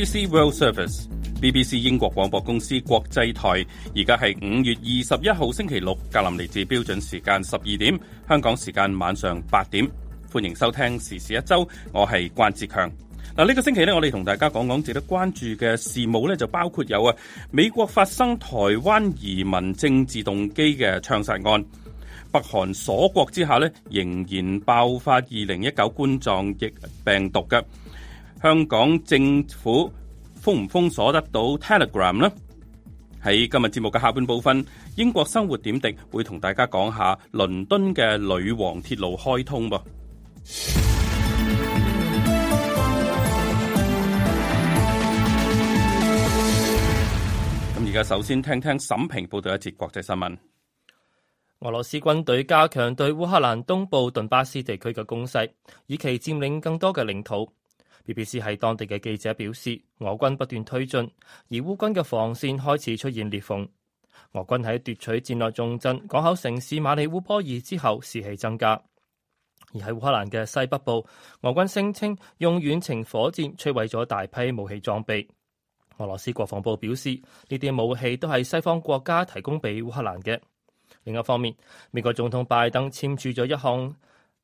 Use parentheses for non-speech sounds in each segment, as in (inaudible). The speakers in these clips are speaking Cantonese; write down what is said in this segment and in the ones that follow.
BBC World Service，BBC 英國廣播公司國際台，而家係五月二十一號星期六，格林尼治標準時間十二點，香港時間晚上八點，歡迎收聽時事一周，我係關志強。嗱、啊，呢、這個星期咧，我哋同大家講講值得關注嘅事務咧，就包括有啊，美國發生台灣移民政治動機嘅槍殺案，北韓鎖國之下咧，仍然爆發二零一九冠狀疫病毒嘅。香港政府封唔封鎖得到 Telegram 咧？喺今日節目嘅下半部分，英國生活點滴會同大家講下倫敦嘅女王鐵路開通噃。咁而家首先聽聽聽沈平報道一節國際新聞。俄羅斯軍隊加強對烏克蘭東部頓巴斯地區嘅攻勢，以期佔領更多嘅領土。BBC 係當地嘅記者表示，俄軍不斷推進，而烏軍嘅防線開始出現裂縫。俄軍喺奪取戰略重鎮港口城市馬里烏波爾之後士氣增加，而喺烏克蘭嘅西北部，俄軍聲稱用遠程火箭摧毀咗大批武器裝備。俄羅斯國防部表示，呢啲武器都係西方國家提供俾烏克蘭嘅。另一方面，美國總統拜登簽署咗一項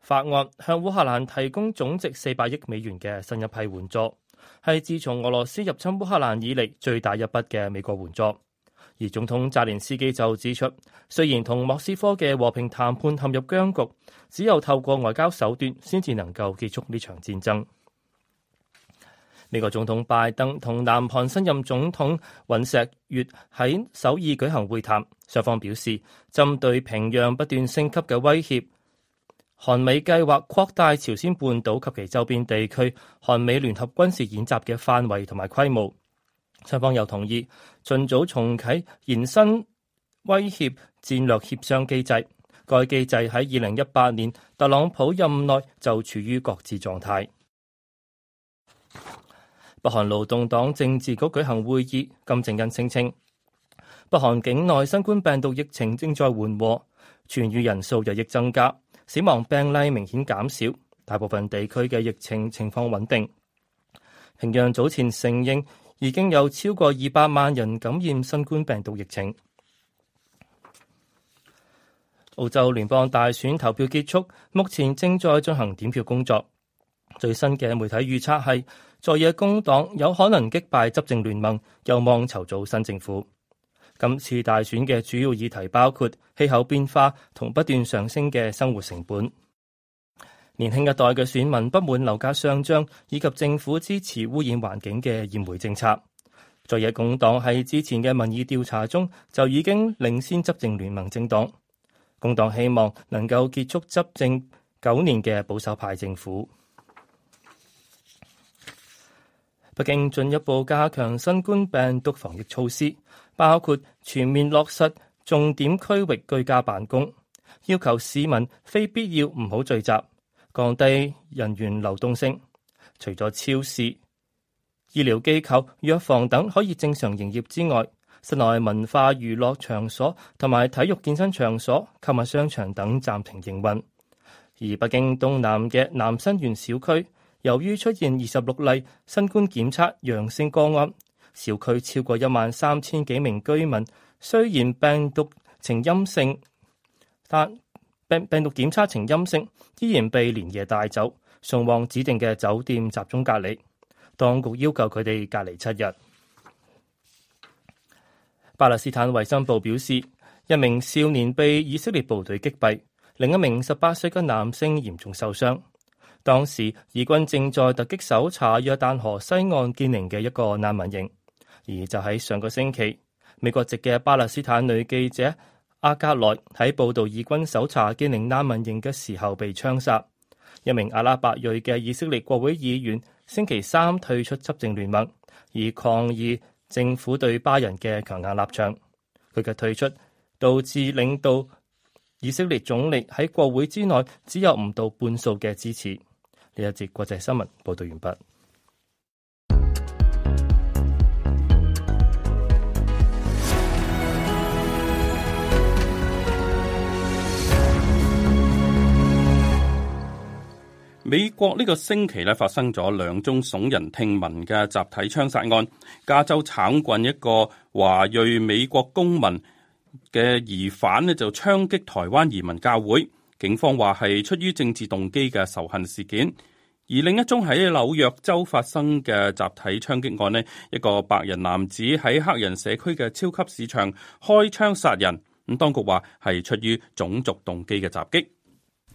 法案向烏克蘭提供總值四百億美元嘅新一批援助，係自從俄羅斯入侵烏克蘭以嚟最大一筆嘅美國援助。而總統澤連斯基就指出，雖然同莫斯科嘅和平談判陷入僵局，只有透過外交手段先至能夠結束呢場戰爭。美國總統拜登同南韓新任總統尹錫悅喺首爾舉行會談，雙方表示針對平壤不斷升級嘅威脅。韓美計劃擴大朝鮮半島及其周邊地區韓美聯合軍事演習嘅範圍同埋規模，雙方又同意盡早重啟延伸威脅戰略協商機制。該機制喺二零一八年特朗普任內就處於擱置狀態。北韓勞動黨政治局舉行會議，金正恩聲稱北韓境內新冠病毒疫情正在緩和，痊愈人數日益增加，死亡病例明顯減少，大部分地區嘅疫情情況穩定。平壤早前承認已經有超過二百萬人感染新冠病毒疫情。澳洲聯邦大選投票結束，目前正在進行點票工作。最新嘅媒體預測係在野工黨有可能擊敗執政聯盟，有望籌組新政府。今次大選嘅主要議題包括氣候變化同不斷上升嘅生活成本。年輕一代嘅選民不滿樓價上漲以及政府支持污染環境嘅燃煤政策。在野共黨喺之前嘅民意調查中就已經領先執政聯盟政黨。共黨希望能夠結束執政九年嘅保守派政府。北京進一步加強新冠病毒防疫措施。包括全面落實重點區域居家辦公，要求市民非必要唔好聚集，降低人員流動性。除咗超市、醫療機構、藥房等可以正常營業之外，室內文化娛樂場所同埋體育健身場所、購物商場等暫停營運。而北京東南嘅南新園小區，由於出現二十六例新冠檢測陽性個案。小區超過一萬三千幾名居民，雖然病毒呈陰性，但病，病毒檢測呈陰性，依然被連夜帶走送往指定嘅酒店集中隔離。當局要求佢哋隔離七日。巴勒斯坦衞生部表示，一名少年被以色列部隊擊斃，另一名十八歲嘅男性嚴重受傷。當時以軍正在突擊搜查約旦河西岸建寧嘅一個難民營。而就喺上個星期，美國籍嘅巴勒斯坦女記者阿加萊喺報道以軍搜查基寧難民營嘅時候被槍殺。一名阿拉伯裔嘅以色列國會議員星期三退出執政聯盟，以抗議政府對巴人嘅強硬立場。佢嘅退出導致領導以色列總理喺國會之內只有唔到半數嘅支持。呢一節國際新聞報道完畢。美國呢個星期咧發生咗兩宗聳人聽聞嘅集體槍殺案。加州橙郡一個華裔美國公民嘅疑犯咧就槍擊台灣移民教會，警方話係出於政治動機嘅仇恨事件。而另一宗喺紐約州發生嘅集體槍擊案咧，一個白人男子喺黑人社區嘅超級市場開槍殺人，咁當局話係出於種族動機嘅襲擊。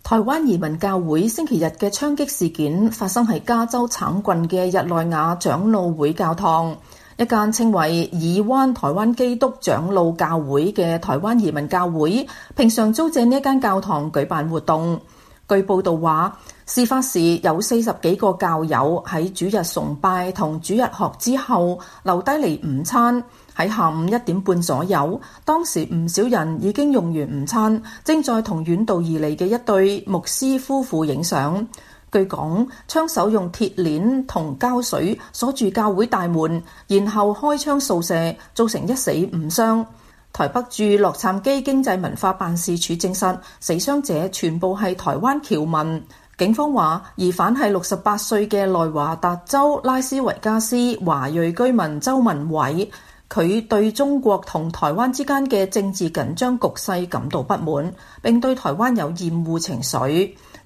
台灣移民教會星期日嘅槍擊事件發生喺加州橙郡嘅日內瓦長老會教堂，一間稱為爾灣台灣基督長老教會嘅台灣移民教會，平常租借呢一間教堂舉辦活動。據報道話，事發時有四十幾個教友喺主日崇拜同主日學之後留低嚟午餐。喺下午一點半左右，當時唔少人已經用完午餐，正在同遠道而嚟嘅一對牧師夫婦影相。據講，槍手用鐵鏈同膠水鎖住教會大門，然後開槍掃射，造成一死五傷。台北駐洛杉磯經濟文化辦事處證實，死傷者全部係台灣僑民。警方話，疑犯係六十八歲嘅內華達州拉斯維加斯華裔居民周文偉。佢對中國同台灣之間嘅政治緊張局勢感到不滿，並對台灣有厭惡情緒。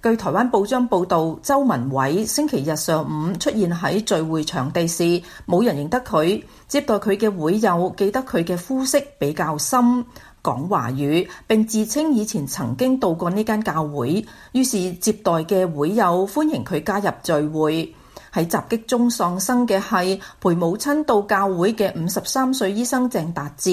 據台灣報章報導，周文偉星期日上午出現喺聚會場地時，冇人認得佢。接待佢嘅會友記得佢嘅膚色比較深，講華語，並自稱以前曾經到過呢間教會，於是接待嘅會友歡迎佢加入聚會。喺襲擊中喪生嘅係陪母親到教會嘅五十三歲醫生鄭達志，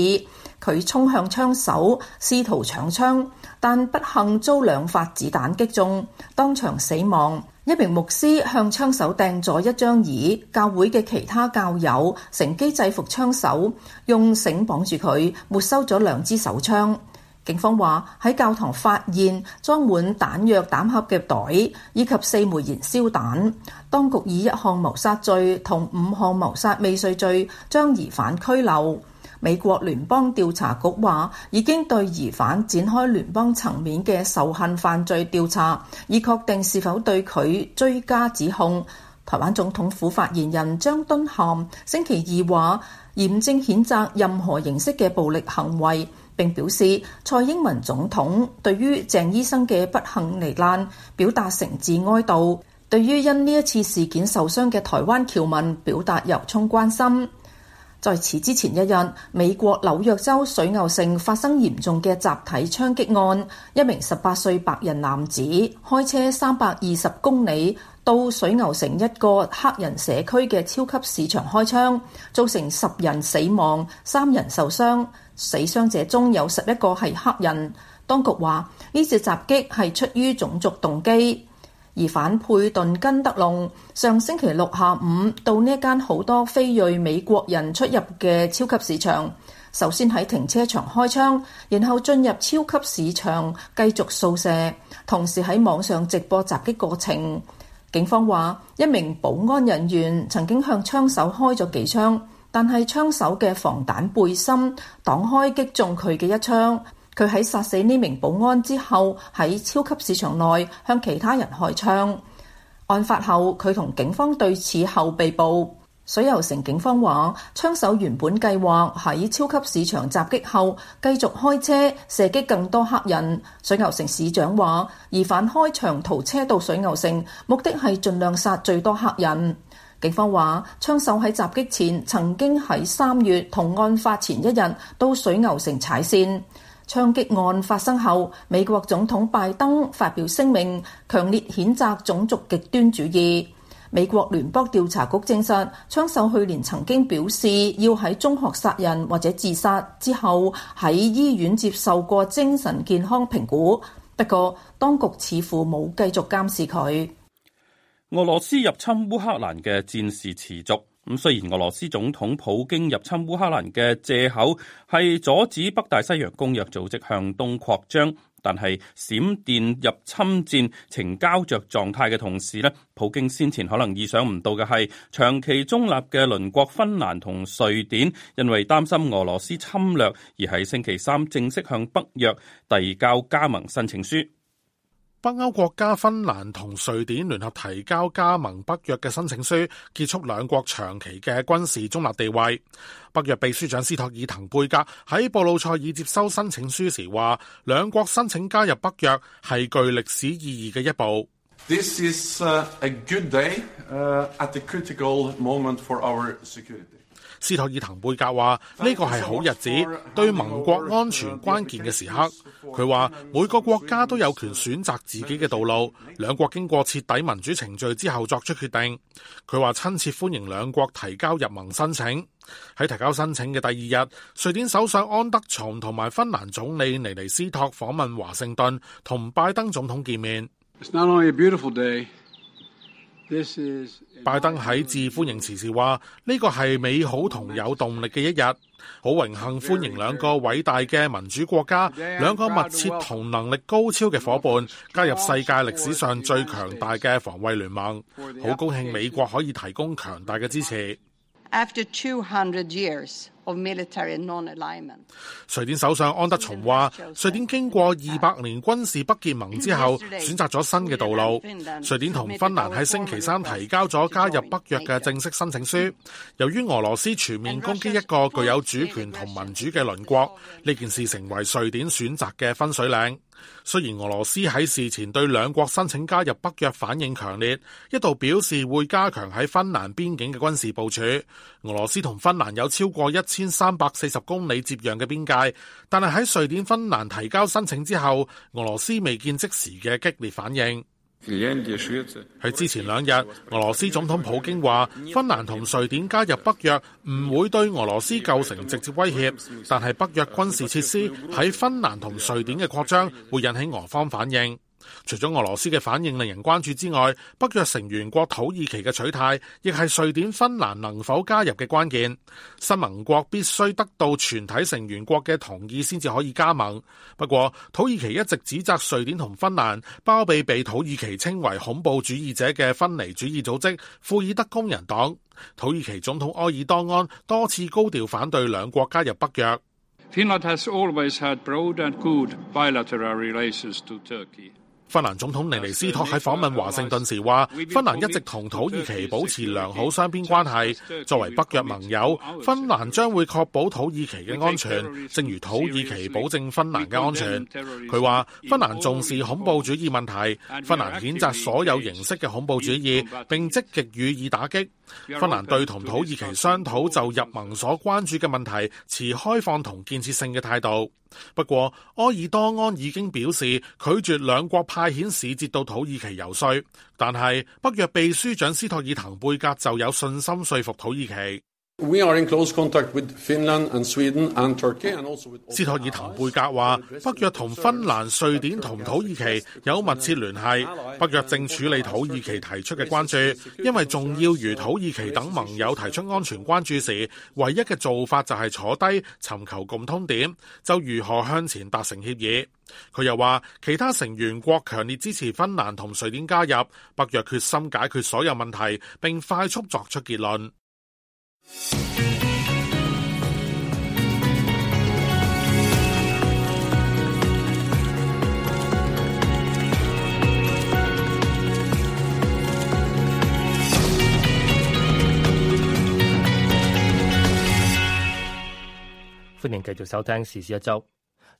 佢衝向槍手，試圖搶槍，但不幸遭兩發子彈擊中，當場死亡。一名牧師向槍手掟咗一張椅，教會嘅其他教友乘機制服槍手，用繩綁住佢，沒收咗兩支手槍。警方話喺教堂發現裝滿彈藥彈盒嘅袋，以及四枚燃燒彈。當局以一項謀殺罪同五項謀殺未遂罪將疑犯拘留。美國聯邦調查局話已經對疑犯展開聯邦層面嘅仇恨犯罪調查，以確定是否對佢追加指控。台灣總統府發言人張敦涵星期二話：嚴正譴責任何形式嘅暴力行為。並表示蔡英文總統對於鄭醫生嘅不幸罹難表達誠摯哀悼，對於因呢一次事件受傷嘅台灣僑民表達由衷關心。在此之前一日，美國紐約州水牛城發生嚴重嘅集體槍擊案，一名十八歲白人男子開車三百二十公里到水牛城一個黑人社區嘅超級市場開槍，造成十人死亡、三人受傷。死傷者中有十一個係黑人，當局話呢次襲擊係出於種族動機。而反佩頓根德龍上星期六下午到呢間好多非裔美國人出入嘅超級市場，首先喺停車場開槍，然後進入超級市場繼續掃射，同時喺網上直播襲擊過程。警方話一名保安人員曾經向槍手開咗幾槍。但係槍手嘅防彈背心擋開擊中佢嘅一槍，佢喺殺死呢名保安之後，喺超級市場內向其他人開槍。案發後，佢同警方對峙後被捕。水牛城警方話，槍手原本計劃喺超級市場襲擊後，繼續開車射擊更多黑人。水牛城市長話，疑犯開長途車到水牛城，目的係盡量殺最多黑人。警方話，槍手喺襲擊前曾經喺三月同案發前一日到水牛城踩線。槍擊案發生後，美國總統拜登發表聲明，強烈譴責種族極端主義。美國聯邦調查局證實，槍手去年曾經表示要喺中學殺人或者自殺，之後喺醫院接受過精神健康評估。不過，當局似乎冇繼續監視佢。俄羅斯入侵烏克蘭嘅戰事持續，咁雖然俄羅斯總統普京入侵烏克蘭嘅借口係阻止北大西洋公約組織向東擴張，但係閃電入侵戰呈膠着狀態嘅同時咧，普京先前可能意想不到嘅係，長期中立嘅鄰國芬蘭同瑞典，因為擔心俄羅斯侵略，而喺星期三正式向北約遞交加盟申請書。北歐國家芬蘭同瑞典聯合提交加盟北約嘅申請書，結束兩國長期嘅軍事中立地位。北約秘書長斯托爾滕貝格喺布魯塞爾接收申請書時話，兩國申請加入北約係具歷史意義嘅一步。This is a good day at the critical moment for our security. 斯托爾滕貝格話：呢個係好日子，對盟國安全關鍵嘅時刻。佢話每個國家都有權選擇自己嘅道路，兩國經過徹底民主程序之後作出決定。佢話親切歡迎兩國提交入盟申請。喺提交申請嘅第二日，瑞典首相安德松同埋芬蘭總理尼尼斯托訪問華盛頓，同拜登總統見面。It's not only a beautiful day. 拜登喺致歡迎辭時話：呢個係美好同有動力嘅一日，好榮幸歡迎兩個偉大嘅民主國家，兩個密切同能力高超嘅夥伴加入世界歷史上最強大嘅防衛聯盟，好高興美國可以提供強大嘅支持。After of military non-alignment. 瑞典首相安德松話，瑞典經過二百年軍事不結盟之後，選擇咗新嘅道路。瑞典同芬蘭喺星期三提交咗加入北約嘅正式申請書。由於俄羅斯全面攻擊一個具有主權同民主嘅鄰國，呢件事成為瑞典選擇嘅分水嶺。雖然俄羅斯喺事前對兩國申請加入北約反應強烈，一度表示會加強喺芬蘭邊境嘅軍事部署。俄羅斯同芬蘭有超過一千三百四十公里接壤嘅邊界，但係喺瑞典芬蘭提交申請之後，俄羅斯未見即時嘅激烈反應。喺之前兩日，俄羅斯總統普京話：芬蘭同瑞典加入北約唔會對俄羅斯構成直接威脅，但係北約軍事設施喺芬蘭同瑞典嘅擴張會引起俄方反應。除咗俄羅斯嘅反應令人關注之外，北約成員國土耳其嘅取態，亦係瑞典、芬蘭能否加入嘅關鍵。新盟國必須得到全體成員國嘅同意先至可以加盟。不過，土耳其一直指責瑞典同芬蘭包庇被土耳其稱為恐怖主義者嘅分離主義組織庫爾德工人黨。土耳其總統埃爾多安多次高調反對兩國加入北約。芬蘭總統尼尼斯托喺訪問華盛頓時話，芬蘭一直同土耳其保持良好雙邊關係。作為北約盟友，芬蘭將會確保土耳其嘅安全，正如土耳其保證芬蘭嘅安全。佢話，芬蘭重視恐怖主義問題，芬蘭譴責所有形式嘅恐怖主義，並積極予以打擊。芬蘭對同土耳其商討就入盟所關注嘅問題，持開放同建設性嘅態度。不過，埃爾多安已經表示拒絕兩國派遣使節到土耳其遊說，但係北約秘書長斯托爾滕貝格就有信心說服土耳其。We are in close contact with Finland and Sweden and Turkey. 斯托爾滕貝格話：北約同芬蘭、瑞典同土耳其有密切聯繫，北約正處理土耳其提出嘅關注，因為重要如土耳其等盟友提出安全關注時，唯一嘅做法就係坐低尋求共通點，就如何向前達成協議。佢又話：其他成員國強烈支持芬蘭同瑞典加入北約，決心解決所有問題並快速作出結論。歡迎繼續收聽時事一周。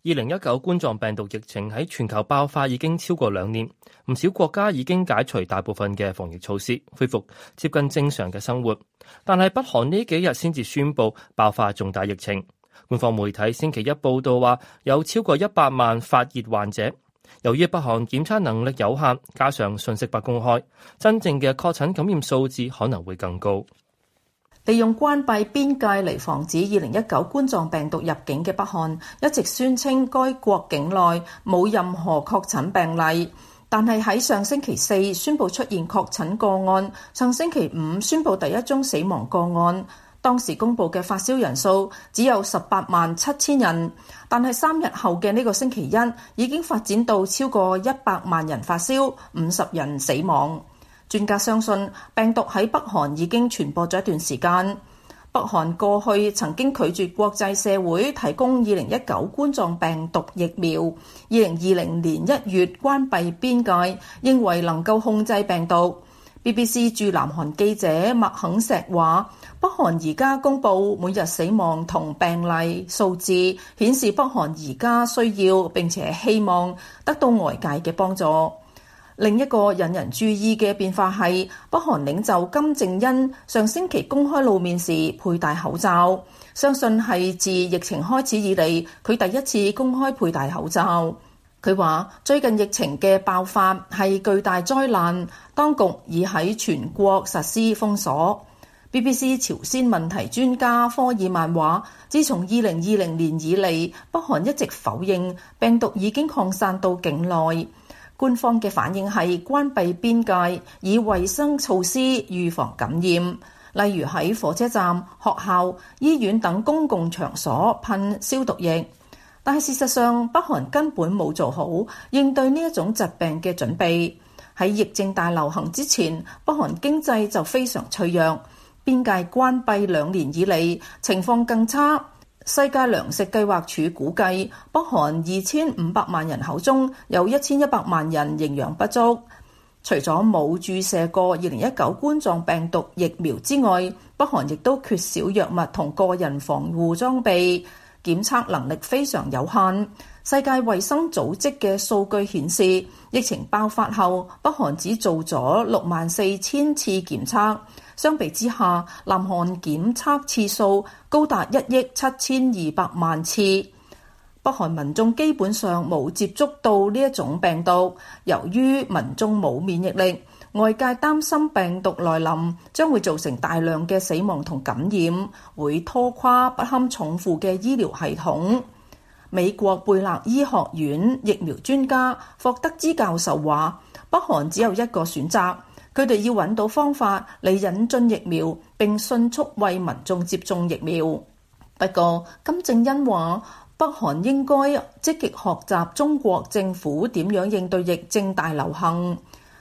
二零一九冠狀病毒疫情喺全球爆發已經超過兩年，唔少國家已經解除大部分嘅防疫措施，恢復接近正常嘅生活。但係北韓呢幾日先至宣布爆發重大疫情，官方媒體星期一報道話有超過一百萬發熱患者。由於北韓檢測能力有限，加上信息不公開，真正嘅確診感染數字可能會更高。利用關閉邊界嚟防止二零一九冠狀病毒入境嘅北韓，一直宣稱該國境內冇任何確診病例，但係喺上星期四宣布出現確診個案，上星期五宣布第一宗死亡個案。當時公布嘅發燒人數只有十八萬七千人，但係三日後嘅呢個星期一，已經發展到超過一百萬人發燒，五十人死亡。專家相信病毒喺北韓已經傳播咗一段時間。北韓過去曾經拒絕國際社會提供二零一九冠狀病毒疫苗。二零二零年一月關閉邊界，認為能夠控制病毒。BBC 駐南韓記者麥肯錫話：北韓而家公佈每日死亡同病例數字，顯示北韓而家需要並且希望得到外界嘅幫助。另一個引人注意嘅變化係，北韓領袖金正恩上星期公開露面時佩戴口罩，相信係自疫情開始以嚟佢第一次公開佩戴口罩。佢話：最近疫情嘅爆發係巨大災難，當局已喺全國實施封鎖。BBC 朝鮮問題專家科爾曼話：自從二零二零年以嚟，北韓一直否認病毒已經擴散到境內。官方嘅反應係關閉邊界，以衞生措施預防感染，例如喺火車站、學校、醫院等公共場所噴消毒液。但係事實上，北韓根本冇做好應對呢一種疾病嘅準備。喺疫症大流行之前，北韓經濟就非常脆弱，邊界關閉兩年以嚟，情況更差。世界糧食計劃署估計，北韓二千五百萬人口中有一千一百萬人營養不足。除咗冇注射過二零一九冠狀病毒疫苗之外，北韓亦都缺少藥物同個人防護裝備，檢測能力非常有限。世界衛生組織嘅數據顯示，疫情爆發後，北韓只做咗六萬四千次檢測。相比之下，南韓檢測次數高達一億七千二百萬次，北韓民眾基本上冇接觸到呢一種病毒。由於民眾冇免疫力，外界擔心病毒來臨將會造成大量嘅死亡同感染，會拖垮不堪重負嘅醫療系統。美國貝勒醫學院疫苗專家霍德茲教授話，北韓只有一個選擇。佢哋要揾到方法嚟引進疫苗，並迅速為民眾接種疫苗。不過，金正恩話北韓應該積極學習中國政府點樣應對疫症大流行。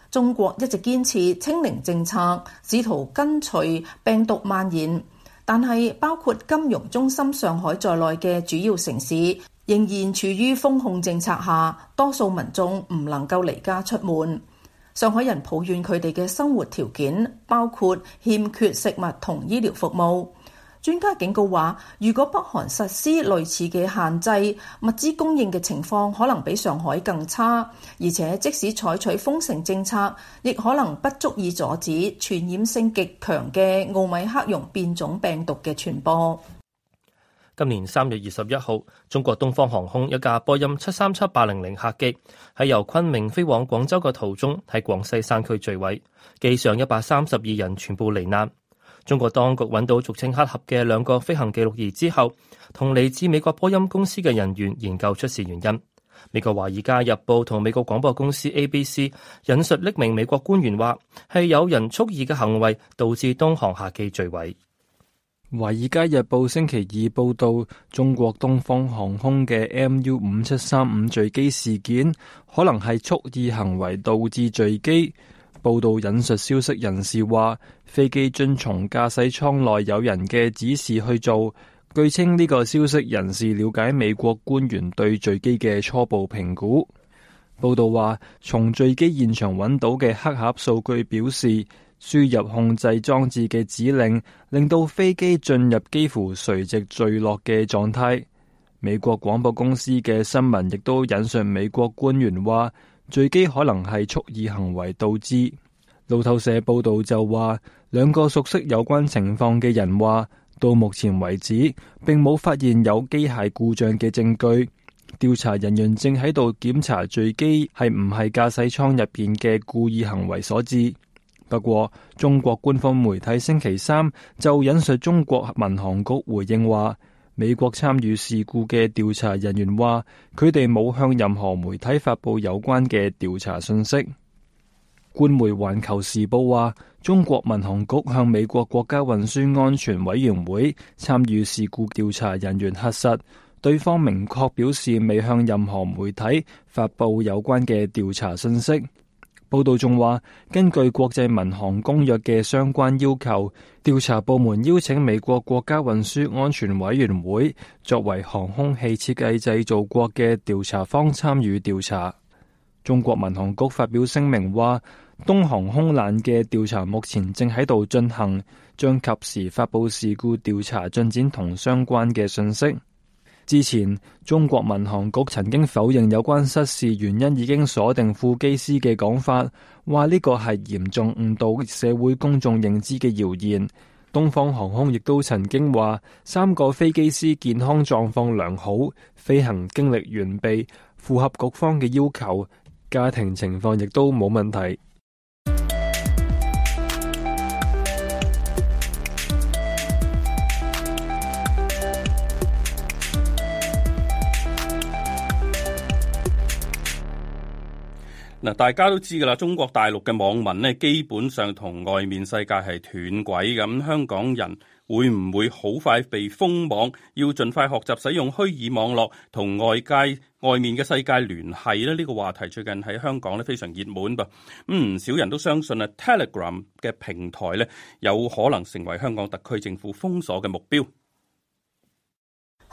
中國一直堅持清零政策，試圖跟隨病毒蔓延，但係包括金融中心上海在內嘅主要城市仍然處於封控政策下，多數民眾唔能夠離家出門。上海人抱怨佢哋嘅生活條件，包括欠缺食物同醫療服務。專家警告話，如果北韓實施類似嘅限制，物資供應嘅情況可能比上海更差，而且即使採取封城政策，亦可能不足以阻止傳染性極強嘅奧米克戎變種病毒嘅傳播。今年三月二十一號，中國東方航空一架波音七三七八零零客機喺由昆明飛往廣州嘅途中喺廣西山區墜毀，機上一百三十二人全部罹難。中國當局揾到俗稱黑盒嘅兩個飛行記錄儀之後，同嚟自美國波音公司嘅人員研究出事原因。美國《華爾街日報》同美國廣播公司 ABC 引述匿名美國官員話，係有人蓄意嘅行為導致東航客機墜毀。華爾街日報星期二報道，中國東方航空嘅 MU 五七三五墜機事件可能係蓄意行為導致墜機。報道引述消息人士話，飛機遵從駕駛艙內有人嘅指示去做。據稱呢個消息人士了解美國官員對墜機嘅初步評估。報道話，從墜機現場揾到嘅黑盒數據表示，輸入控制裝置嘅指令，令到飛機進入幾乎垂直墜落嘅狀態。美國廣播公司嘅新聞亦都引述美國官員話，墜機可能係蓄意行為導致。路透社報道就話，兩個熟悉有關情況嘅人話，到目前為止，並冇發現有機械故障嘅證據。調查人員正喺度檢查墜機係唔係駕駛艙入邊嘅故意行為所致。不過中國官方媒體星期三就引述，中國民航局回應話，美國參與事故嘅調查人員話，佢哋冇向任何媒體發布有關嘅調查信息。官媒《環球時報》話中國民航局向美國國家運輸安全委員會參與事故調查人員核實，對方明確表示未向任何媒體發布有關嘅調查信息。報道仲話，根據國際民航公約嘅相關要求，調查部門邀請美國國家運輸安全委員會作為航空器設計製造國嘅調查方參與調查。中國民航局發表聲明話，東航空難嘅調查目前正喺度進行，將及時發布事故調查進展同相關嘅信息。之前，中國民航局曾經否認有關失事原因已經鎖定副機師嘅講法，話呢個係嚴重誤導社會公眾認知嘅謠言。東方航空亦都曾經話三個飛機師健康狀況良好，飛行經歷完備，符合局方嘅要求，家庭情況亦都冇問題。大家都知噶啦，中國大陸嘅網民基本上同外面世界係斷軌咁。香港人會唔會好快被封網？要盡快學習使用虛擬網絡，同外界、外面嘅世界聯繫咧？呢、這個話題最近喺香港非常熱門噃。唔少人都相信 Telegram 嘅平台有可能成為香港特區政府封鎖嘅目標。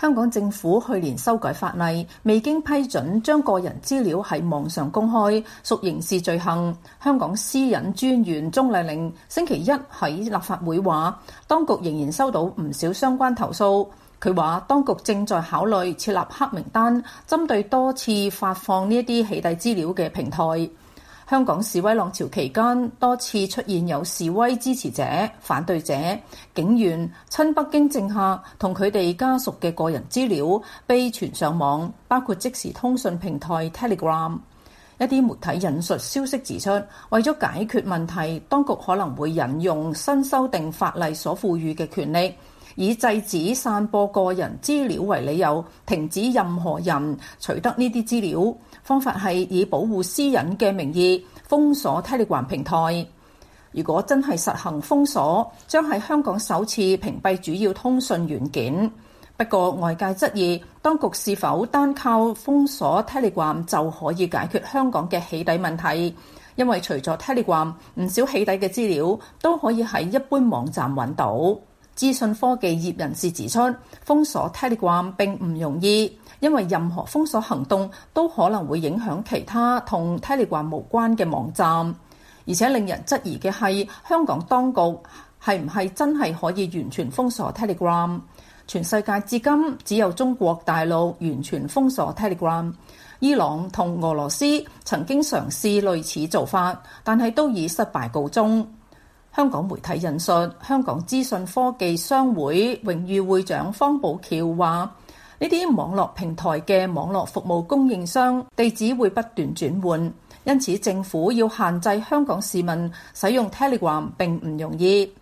香港政府去年修改法例，未經批准將個人資料喺網上公開屬刑事罪行。香港私隱專員鍾麗玲星期一喺立法會話，當局仍然收到唔少相關投訴。佢話當局正在考慮設立黑名單，針對多次發放呢一啲起底資料嘅平台。香港示威浪潮期間，多次出現有示威支持者、反對者、警員親北京政客同佢哋家屬嘅個人資料被傳上網，包括即時通訊平台 Telegram。一啲媒體引述消息指出，為咗解決問題，當局可能會引用新修訂法例所賦予嘅權力，以制止散播個人資料為理由，停止任何人取得呢啲資料。方法係以保護私隱嘅名義封鎖 Telegram 平台。如果真係實行封鎖，將係香港首次屏蔽主要通訊軟件。不過外界質疑當局是否單靠封鎖 Telegram 就可以解決香港嘅起底問題，因為除咗 Telegram，唔少起底嘅資料都可以喺一般網站揾到。資訊科技業人士指出，封鎖 Telegram 並唔容易，因為任何封鎖行動都可能會影響其他同 Telegram 無關嘅網站，而且令人質疑嘅係香港當局係唔係真係可以完全封鎖 Telegram？全世界至今只有中國大陸完全封鎖 Telegram，伊朗同俄羅斯曾經嘗試類似做法，但係都以失敗告終。香港媒體引述香港資訊科技商會榮譽會長方保僑話：呢啲網絡平台嘅網絡服務供應商地址會不斷轉換，因此政府要限制香港市民使用 Telegram 並唔容易。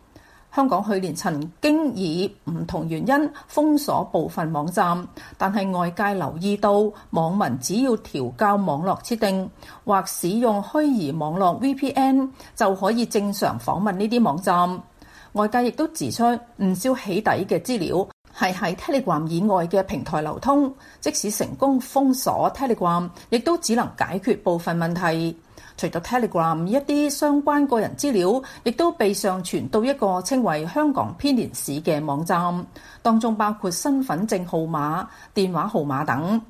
香港去年曾經以唔同原因封鎖部分網站，但係外界留意到，網民只要調校網絡設定或使用虛擬網絡 VPN 就可以正常訪問呢啲網站。外界亦都指出，唔少起底嘅資料係喺 Telegram 以外嘅平台流通，即使成功封鎖 Telegram，亦都只能解決部分問題。除咗 Telegram 一啲相關個人資料，亦都被上傳到一個稱為香港編年史嘅網站，當中包括身份證號碼、電話號碼等。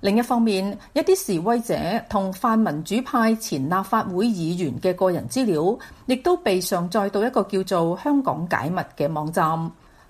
另一方面，一啲示威者同泛民主派前立法會議員嘅個人資料，亦都被上載到一個叫做香港解密嘅網站。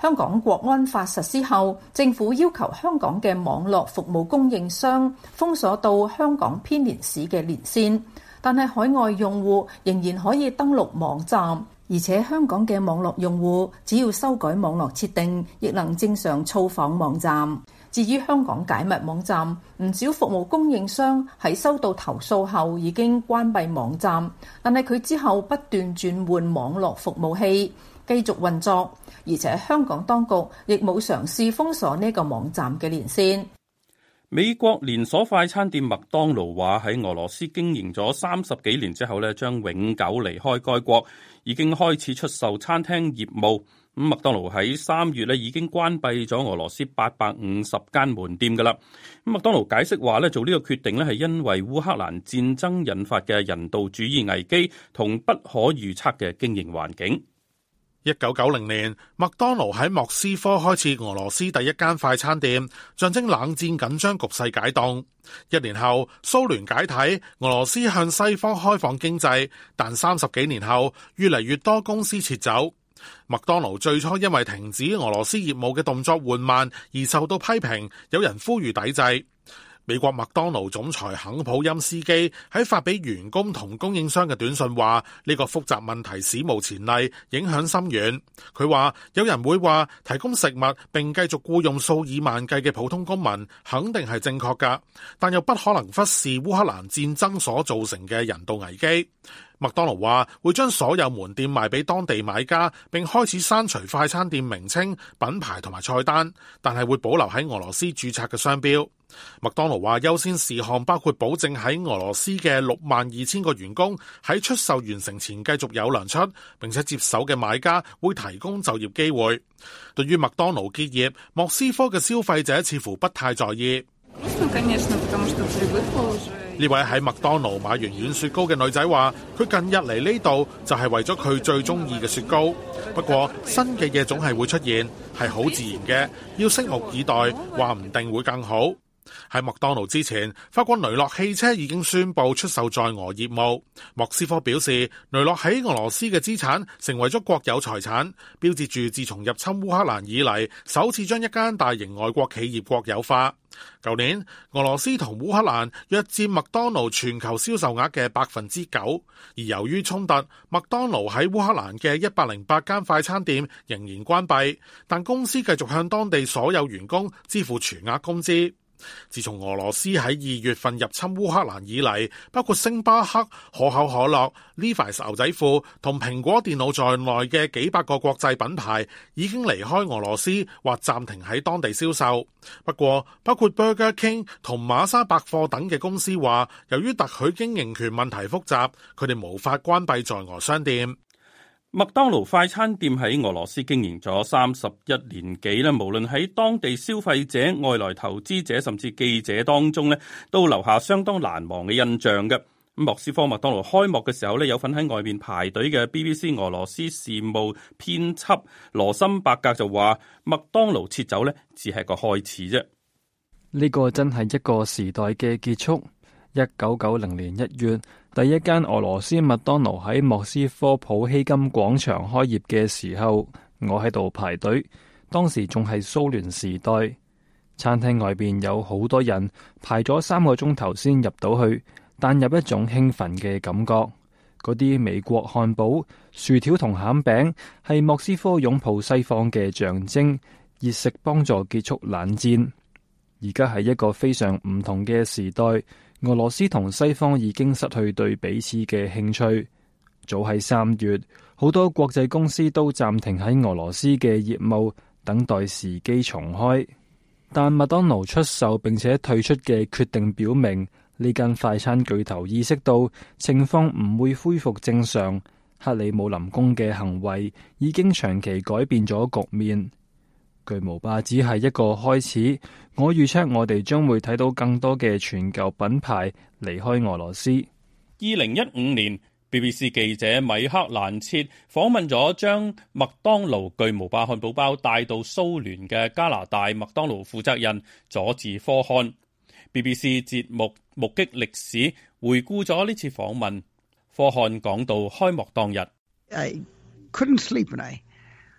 香港國安法實施後，政府要求香港嘅網絡服務供應商封鎖到香港編年史嘅連線。但係海外用戶仍然可以登錄網站，而且香港嘅網絡用戶只要修改網絡設定，亦能正常造訪網站。至於香港解密網站，唔少服務供應商喺收到投訴後已經關閉網站，但係佢之後不斷轉換網絡服務器繼續運作，而且香港當局亦冇嘗試封鎖呢個網站嘅連線。美國連鎖快餐店麥當勞話喺俄羅斯經營咗三十幾年之後咧，將永久離開該國，已經開始出售餐廳業務。咁麥當勞喺三月咧已經關閉咗俄羅斯八百五十間門店㗎喇。咁麥當勞解釋話咧，做呢個決定咧係因為烏克蘭戰爭引發嘅人道主義危機同不可預測嘅經營環境。一九九零年，麥當勞喺莫斯科開設俄羅斯第一間快餐店，象徵冷戰緊張局勢解凍。一年後，蘇聯解體，俄羅斯向西方開放經濟，但三十幾年後，越嚟越多公司撤走。麥當勞最初因為停止俄羅斯業務嘅動作緩慢而受到批評，有人呼籲抵制。美國麥當勞總裁肯普欽斯基喺發俾員工同供應商嘅短信話：呢個複雜問題史無前例，影響深遠。佢話有人會話，提供食物並繼續僱傭數以萬計嘅普通公民肯定係正確噶但又不可能忽視烏克蘭戰爭所造成嘅人道危機。麥當勞話會將所有門店賣俾當地買家，並開始刪除快餐店名稱、品牌同埋菜單，但係會保留喺俄羅斯註冊嘅商標。麥當勞話優先事項包括保證喺俄羅斯嘅六萬二千個員工喺出售完成前繼續有糧出，並且接手嘅買家會提供就業機會。對於麥當勞結業，莫斯科嘅消費者似乎不太在意。呢位喺麥當勞買軟雪糕嘅女仔話：佢近日嚟呢度就係為咗佢最中意嘅雪糕。不過新嘅嘢總係會出現，係好自然嘅，要拭目以待，話唔定會更好。喺麥當勞之前，法國雷諾汽車已經宣布出售在俄業務。莫斯科表示，雷諾喺俄羅斯嘅資產成為咗國有財產，標誌住自從入侵烏克蘭以嚟，首次將一間大型外國企業國有化。舊年俄羅斯同烏克蘭約佔麥當勞全球銷售額嘅百分之九，而由於衝突，麥當勞喺烏克蘭嘅一百零八間快餐店仍然關閉，但公司繼續向當地所有員工支付全額工資。自從俄羅斯喺二月份入侵烏克蘭以嚟，包括星巴克、可口可樂、Levi's 牛仔褲同蘋果電腦在內嘅幾百個國際品牌已經離開俄羅斯或暫停喺當地銷售。不過，包括 Burger King 同馬莎百貨等嘅公司話，由於特許經營權問題複雜，佢哋無法關閉在俄商店。麥當勞快餐店喺俄羅斯經營咗三十一年幾咧，無論喺當地消費者、外來投資者甚至記者當中咧，都留下相當難忘嘅印象嘅。莫斯科麥當勞開幕嘅時候咧，有份喺外面排隊嘅 BBC 俄羅斯事務編輯羅森伯格就話：麥當勞撤走咧，只係個開始啫。呢個真係一個時代嘅結束。一九九零年一月。第一間俄羅斯麥當勞喺莫斯科普希金廣場開業嘅時候，我喺度排隊。當時仲係蘇聯時代，餐廳外邊有好多人排咗三個鐘頭先入到去，但有一種興奮嘅感覺。嗰啲美國漢堡、薯條同餡餅係莫斯科擁抱西方嘅象徵，熱食幫助結束冷戰。而家係一個非常唔同嘅時代。俄羅斯同西方已經失去對彼此嘅興趣。早喺三月，好多國際公司都暫停喺俄羅斯嘅業務，等待時機重開。但麥當勞出售並且退出嘅決定，表明呢間快餐巨頭意識到情況唔會恢復正常。克里姆林宮嘅行為已經長期改變咗局面。巨無霸只係一個開始，我預測我哋將會睇到更多嘅全球品牌離開俄羅斯。二零一五年，BBC 記者米克蘭切訪問咗將麥當勞巨無霸漢堡包帶到蘇聯嘅加拿大麥當勞負責人佐治科漢。BBC 節目目擊歷史，回顧咗呢次訪問。科漢講到開幕當日。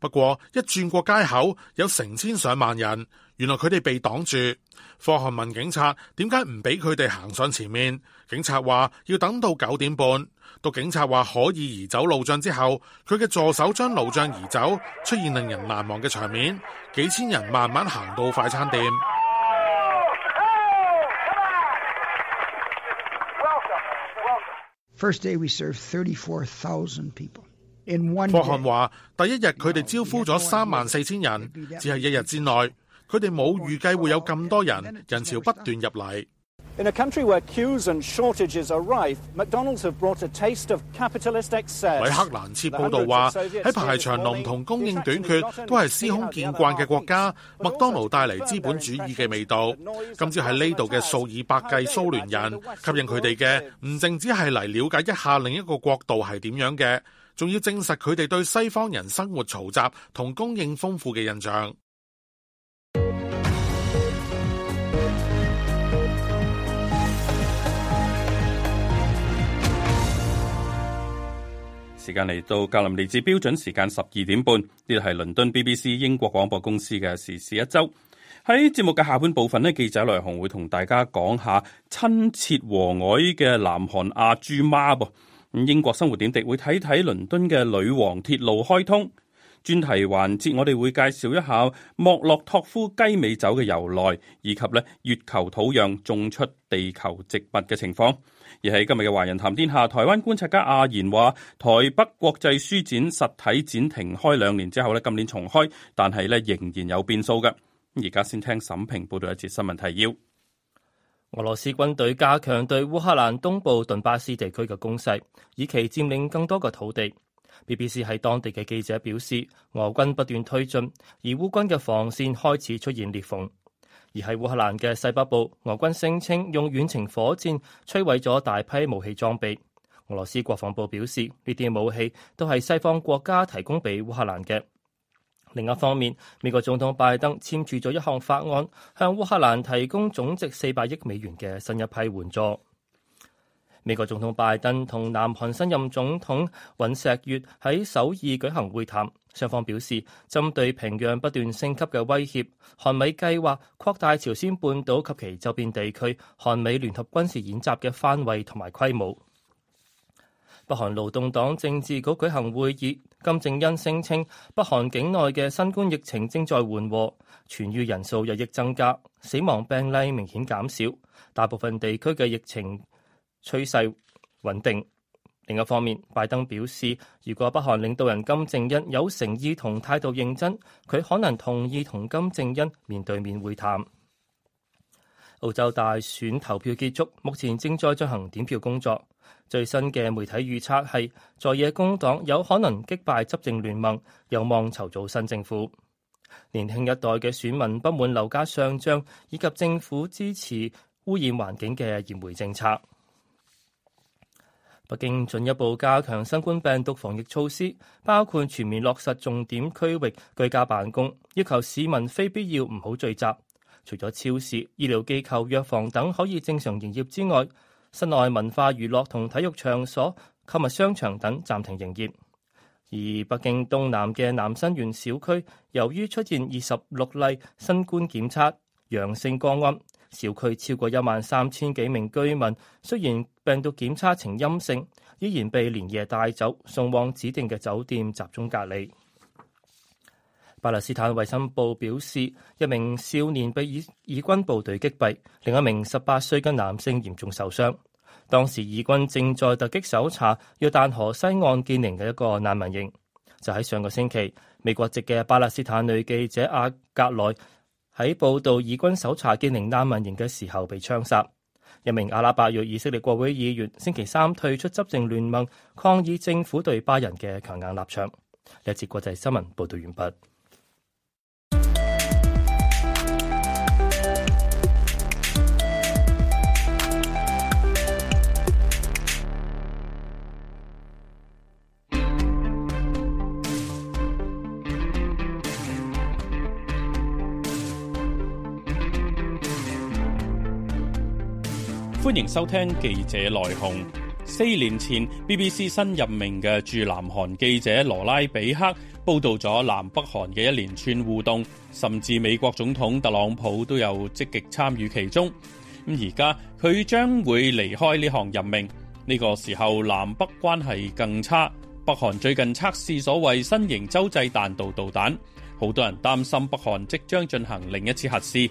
不過一轉過街口，有成千上萬人，原來佢哋被擋住。科翰問警察點解唔俾佢哋行上前面，警察話要等到九點半。到警察話可以移走路障之後，佢嘅助手將路障移走，出現令人難忘嘅場面。幾千人慢慢行到快餐店。Oh, oh, 霍漢話，第一日佢哋招呼咗三萬四千人，只係一日之內，佢哋冇預計會有咁多人，人潮不斷入嚟。In a country where queues and shortages are rife, McDonald's have brought a taste of capitalistic success. 在黑蘭茨報道話，喺排長龍同供應短缺都係司空見慣嘅國家，麥當勞帶嚟資本主義嘅味道。今次喺呢度嘅數以百計蘇聯人吸引佢哋嘅，唔淨只係嚟了解一下另一個國度係點樣嘅。仲要證實佢哋對西方人生活嘈雜同供應豐富嘅印象。時間嚟到，格林尼治標準時間十二點半，呢度係倫敦 BBC 英國廣播公司嘅時事一周。喺節目嘅下半部分呢，記者雷洪會同大家講下親切和藹嘅南韓阿朱媽噃。英國生活點滴會睇睇倫敦嘅女王鐵路開通專題環節，我哋會介紹一下莫洛托夫雞尾酒嘅由來，以及咧月球土壤種出地球植物嘅情況。而喺今日嘅《華人談天下》，台灣觀察家阿賢話，台北國際書展實體展停開兩年之後咧，今年重開，但係咧仍然有變數㗎。而家先聽沈平報道一節新聞提要。俄羅斯軍隊加強對烏克蘭東部頓巴斯地區嘅攻勢，以期佔領更多嘅土地。BBC 喺當地嘅記者表示，俄軍不斷推進，而烏軍嘅防線開始出現裂縫。而喺烏克蘭嘅西北部，俄軍聲稱用遠程火箭摧毀咗大批武器裝備。俄羅斯國防部表示，呢啲武器都係西方國家提供俾烏克蘭嘅。另一方面，美國總統拜登簽署咗一項法案，向烏克蘭提供總值四百億美元嘅新一批援助。美國總統拜登同南韓新任總統尹錫悅喺首爾舉行會談，雙方表示針對平壤不斷升級嘅威脅，韓美計劃擴大朝鮮半島及其周邊地區韓美聯合軍事演習嘅範圍同埋規模。北韓勞動黨政治局舉行會議，金正恩聲稱北韓境內嘅新冠疫情正在緩和，痊愈人數日益增加，死亡病例明顯減少，大部分地區嘅疫情趨勢穩定。另一方面，拜登表示，如果北韓領導人金正恩有誠意同態度認真，佢可能同意同金正恩面對面會談。澳洲大選投票結束，目前正在進行點票工作。最新嘅媒體預測係，在野工黨有可能擊敗執政聯盟，有望籌組新政府。年輕一代嘅選民不滿樓價上漲以及政府支持污染環境嘅燃煤政策。北京進一步加強新冠病毒防疫措施，包括全面落實重點區域居家辦公，要求市民非必要唔好聚集。除咗超市、醫療機構、藥房等可以正常營業之外，室內文化娛樂同體育場所、購物商場等暫停營業。而北京東南嘅南新園小區，由於出現二十六例新冠檢測陽性個案，小區超過一萬三千幾名居民，雖然病毒檢測呈陰性，依然被連夜帶走送往指定嘅酒店集中隔離。巴勒斯坦衛生部表示，一名少年被以以軍部隊擊斃，另一名十八歲嘅男性嚴重受傷。當時以軍正在突擊搜查約旦河西岸傑寧嘅一個難民營，就喺上個星期，美國籍嘅巴勒斯坦女記者阿克萊喺報道以軍搜查傑寧難民營嘅時候被槍殺。一名阿拉伯裔以色列國會議員星期三退出執政聯盟，抗議政府對巴人嘅強硬立場。呢一次國際新聞報道完畢。歡迎收聽記者來鴻。四年前，BBC 新任命嘅駐南韓記者羅拉比克報道咗南北韓嘅一連串互動，甚至美國總統特朗普都有積極參與其中。咁而家佢將會離開呢項任命。呢、這個時候南北關係更差，北韓最近測試所謂新型洲際彈道導彈，好多人擔心北韓即將進行另一次核試。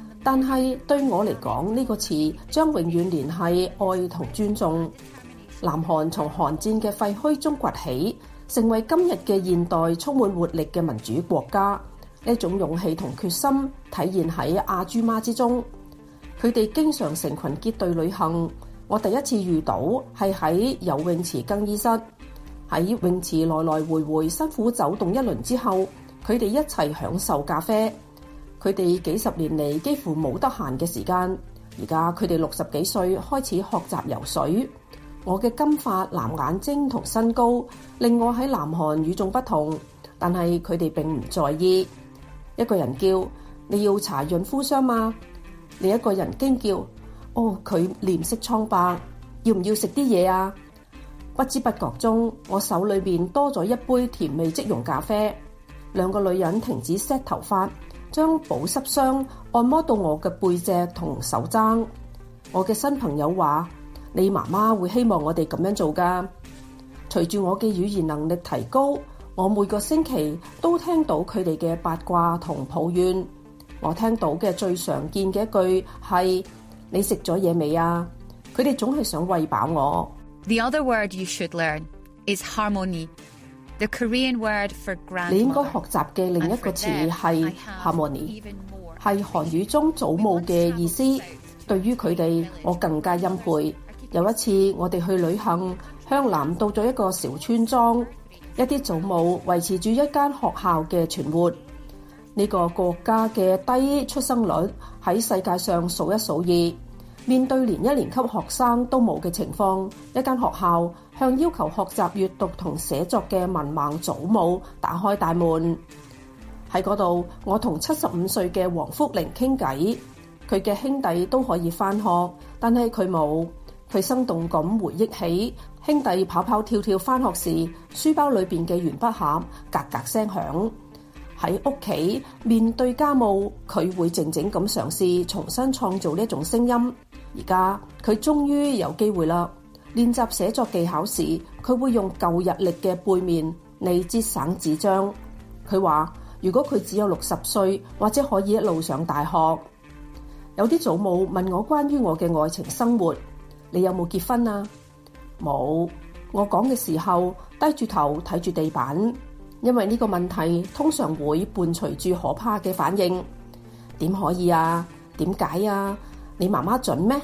但係對我嚟講，呢、這個詞將永遠聯繫愛同尊重。南韓從韓戰嘅廢墟中崛起，成為今日嘅現代充滿活力嘅民主國家，呢種勇氣同決心體現喺阿朱媽之中。佢哋經常成群結隊旅行。我第一次遇到係喺游泳池更衣室，喺泳池來來回回辛苦走動一輪之後，佢哋一齊享受咖啡。佢哋幾十年嚟幾乎冇得閒嘅時間，而家佢哋六十幾歲開始學習游水。我嘅金髮、藍眼睛同身高令我喺南韓與眾不同，但係佢哋並唔在意。一個人叫：你要搽潤膚霜嗎？另一個人驚叫：哦，佢臉色蒼白，要唔要食啲嘢啊？不知不覺中，我手裏邊多咗一杯甜味即溶咖啡。兩個女人停止 set 頭髮。將保濕霜按摩到我嘅背脊同手踭。我嘅新朋友話：「你媽媽會希望我哋咁樣做㗎。」隨住我嘅語言能力提高，我每個星期都聽到佢哋嘅八卦同抱怨。我聽到嘅最常見嘅一句係：「你食咗嘢未啊？」佢哋總係想餵飽我。The other word you should learn is harmony. 你應該學習嘅另一個詞係 halmoni，係韓語中祖母嘅意思。對於佢哋，我更加欽佩。有一次我哋去旅行，向南到咗一個小村莊，一啲祖母維持住一間學校嘅存活。呢、這個國家嘅低出生率喺世界上數一數二。面對連一年級學生都冇嘅情況，一間學校。向要求學習閱讀同寫作嘅文盲祖母打開大門。喺嗰度，我同七十五歲嘅黃福玲傾偈，佢嘅兄弟都可以翻學，但係佢冇。佢生動咁回憶起兄弟跑跑跳跳翻學時，書包裏邊嘅鉛筆盒格格聲響。喺屋企面對家務，佢會靜靜咁嘗試重新創造呢一種聲音。而家佢終於有機會啦。練習寫作技巧時，佢會用舊日曆嘅背面嚟節省紙張。佢話：如果佢只有六十歲，或者可以一路上大學。有啲祖母問我關於我嘅愛情生活，你有冇結婚啊？冇。我講嘅時候低住頭睇住地板，因為呢個問題通常會伴隨住可怕嘅反應。點可以啊？點解啊？你媽媽準咩？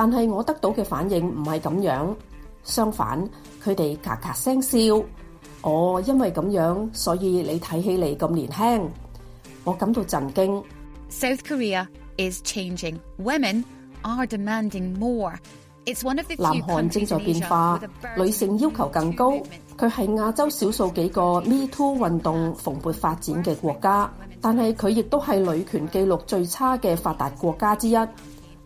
但係我得到嘅反應唔係咁樣，相反佢哋咔咔聲笑。我因為咁樣，所以你睇起嚟咁年輕，我感到震驚。South Korea is changing. Women are demanding more. It's one of the few... 南韓正在變化，女性要求更高。佢係亞洲少數幾個 Me Too 運動蓬勃發展嘅國家，但係佢亦都係女權記錄最差嘅發達國家之一。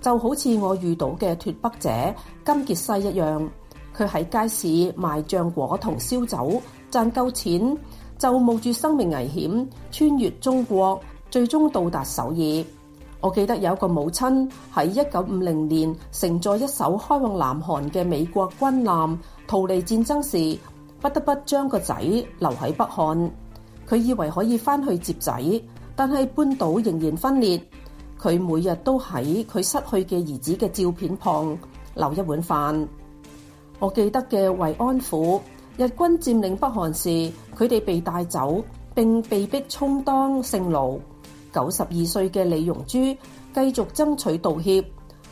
就好似我遇到嘅脱北者金杰世一樣，佢喺街市賣醬果同燒酒，賺夠錢就冒住生命危險穿越中國，最終到達首爾。我記得有一個母親喺一九五零年乘坐一艘開往南韓嘅美國軍艦逃離戰爭時，不得不將個仔留喺北韓。佢以為可以翻去接仔，但係半島仍然分裂。佢每日都喺佢失去嘅兒子嘅照片旁留一碗飯。我記得嘅慰安婦，日軍佔領北韓時，佢哋被帶走並被逼充當性奴。九十二歲嘅李容珠繼續爭取道歉，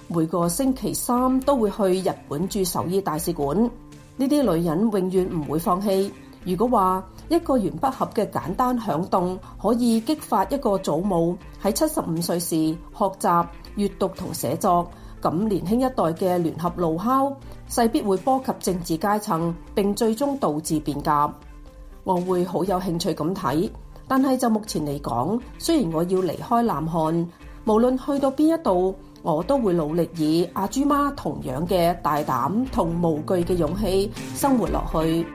每個星期三都會去日本駐首爾大使館，呢啲女人永遠唔會放棄，如果話。一個原不合嘅簡單響動可以激發一個祖母喺七十五歲時學習閱讀同寫作，咁年輕一代嘅聯合怒吼勢必會波及政治階層，並最終導致變革。我會好有興趣咁睇，但係就目前嚟講，雖然我要離開南韓，無論去到邊一度，我都會努力以阿朱媽同樣嘅大膽同無懼嘅勇氣生活落去。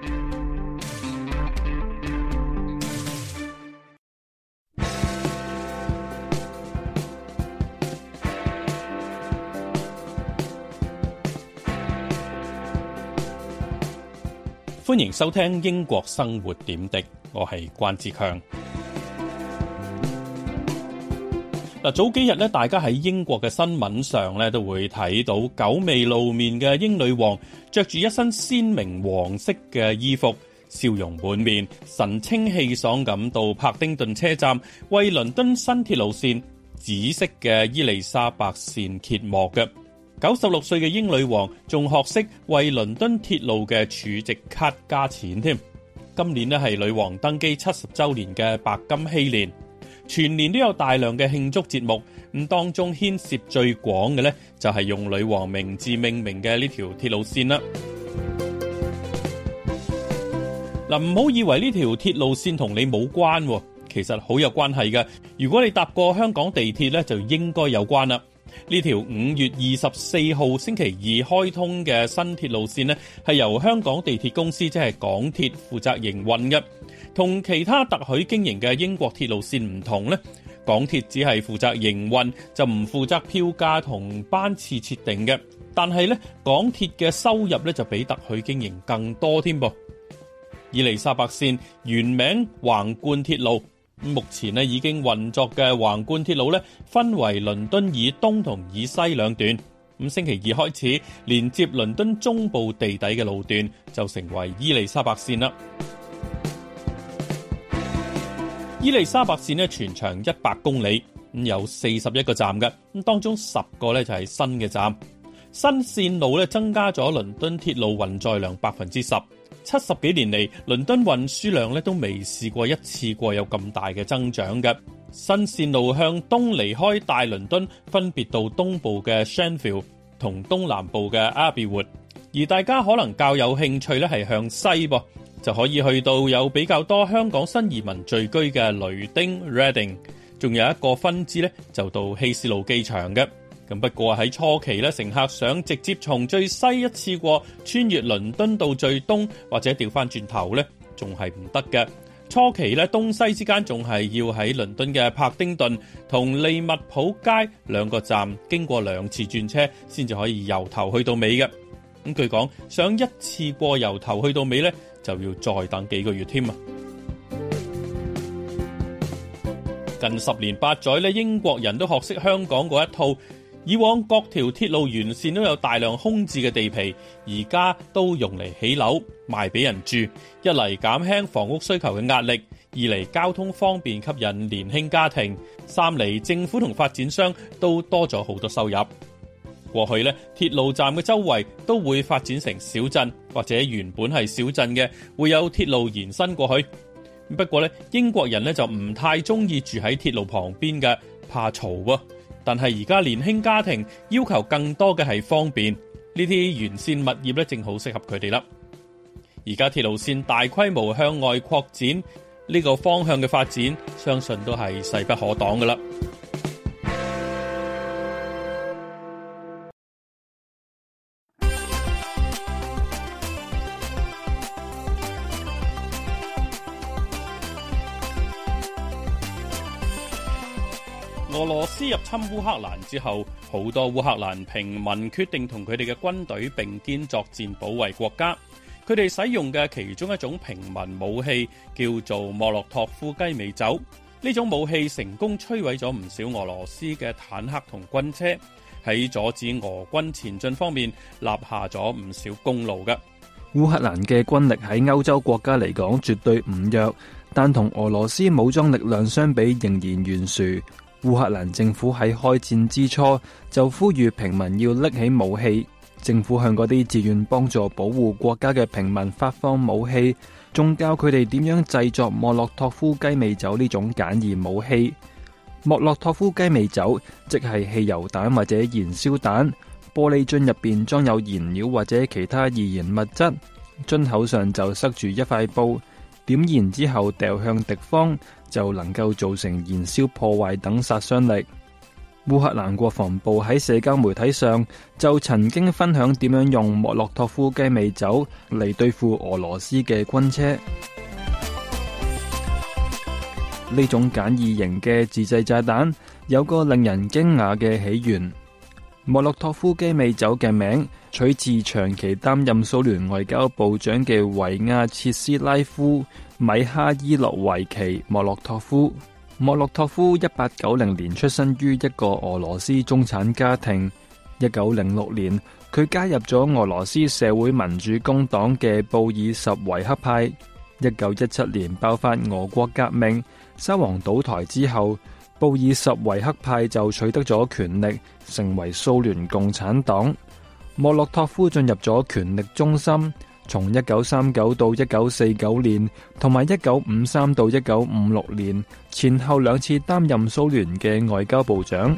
歡迎收聽英國生活點滴，我係關志強。嗱，早幾日咧，大家喺英國嘅新聞上咧都會睇到久未露面嘅英女王，着住一身鮮明黃色嘅衣服，笑容滿面、神清氣爽咁到帕丁頓車站為倫敦新鐵路線紫色嘅伊麗莎白線揭幕嘅。九十六歲嘅英女王仲學識為倫敦鐵路嘅儲值卡加錢添。今年呢係女王登基七十周年嘅白金禧年，全年都有大量嘅慶祝節目。唔當中牽涉最廣嘅呢，就係用女王名字命名嘅呢條鐵路綫啦。嗱，唔 (noise) 好樂以為呢條鐵路綫同你冇關，其實好有關係嘅。如果你搭過香港地鐵呢，就應該有關啦。呢條五月二十四號星期二開通嘅新鐵路線呢，係由香港地鐵公司即係、就是、港鐵負責營運嘅。同其他特許經營嘅英國鐵路線唔同呢，港鐵只係負責營運，就唔負責票價同班次設定嘅。但係呢，港鐵嘅收入呢，就比特許經營更多添噃。伊利沙伯線，原名橫貫鐵路。目前咧已經運作嘅橫貫鐵路咧，分為倫敦以東同以西兩段。咁星期二開始，連接倫敦中部地底嘅路段就成為伊利沙伯線啦。伊利沙伯線咧，全長一百公里，咁有四十一個站嘅。咁當中十個咧就係新嘅站，新線路咧增加咗倫敦鐵路運載量百分之十。七十幾年嚟，倫敦運輸量咧都未試過一次過有咁大嘅增長嘅。新線路向東離開大倫敦，分別到東部嘅 Shenfield 同東南部嘅 Abbey Wood，而大家可能較有興趣咧係向西噃，就可以去到有比較多香港新移民聚居嘅雷丁 （Reading），仲有一個分支咧就到希士路機場嘅。咁不過喺初期咧，乘客想直接從最西一次過穿越倫敦到最東，或者調翻轉頭，呢仲係唔得嘅。初期咧，東西之間仲係要喺倫敦嘅帕丁頓同利物浦街兩個站經過兩次轉車，先至可以由頭去到尾嘅。咁據講，想一次過由頭去到尾，呢就要再等幾個月添啊！近十年八載咧，英國人都學識香港嗰一套。以往各條鐵路沿線都有大量空置嘅地皮，而家都用嚟起樓賣俾人住，一嚟減輕房屋需求嘅壓力，二嚟交通方便吸引年輕家庭，三嚟政府同發展商都多咗好多收入。過去呢，鐵路站嘅周圍都會發展成小鎮或者原本係小鎮嘅會有鐵路延伸過去。不過呢，英國人呢就唔太中意住喺鐵路旁邊嘅，怕嘈啊。但係而家年輕家庭要求更多嘅係方便，呢啲完善物業咧正好適合佢哋啦。而家鐵路線大規模向外擴展呢個方向嘅發展，相信都係勢不可擋噶啦。入侵烏克蘭之後，好多烏克蘭平民決定同佢哋嘅軍隊並肩作戰，保衛國家。佢哋使用嘅其中一種平民武器叫做莫洛托夫雞尾酒，呢種武器成功摧毀咗唔少俄羅斯嘅坦克同軍車，喺阻止俄軍前進方面立下咗唔少功勞嘅。烏克蘭嘅軍力喺歐洲國家嚟講絕對唔弱，但同俄羅斯武裝力量相比，仍然懸殊。烏克蘭政府喺開戰之初就呼籲平民要拎起武器，政府向嗰啲志願幫助保護國家嘅平民發放武器，仲教佢哋點樣製作莫洛托夫雞尾酒呢種簡易武器。莫洛托夫雞尾酒即係汽油彈或者燃燒彈，玻璃樽入邊裝有燃料或者其他易燃物質，樽口上就塞住一塊布，點燃之後掉向敵方。就能夠造成燃燒、破壞等殺傷力。烏克蘭國防部喺社交媒體上就曾經分享點樣用莫洛托夫雞尾酒嚟對付俄羅斯嘅軍車。呢 (music) 種簡易型嘅自製炸彈有個令人驚訝嘅起源。莫洛托夫雞尾酒嘅名取自長期擔任蘇聯外交部長嘅維亞切斯拉夫。米哈伊洛維奇莫洛托夫，莫洛托夫一八九零年出生於一個俄羅斯中產家庭。一九零六年，佢加入咗俄羅斯社會民主工黨嘅布爾什維克派。一九一七年爆發俄國革命，沙皇倒台之後，布爾什維克派就取得咗權力，成為蘇聯共產黨。莫洛托夫進入咗權力中心。從一九三九到一九四九年，同埋一九五三到一九五六年，前後兩次擔任蘇聯嘅外交部長。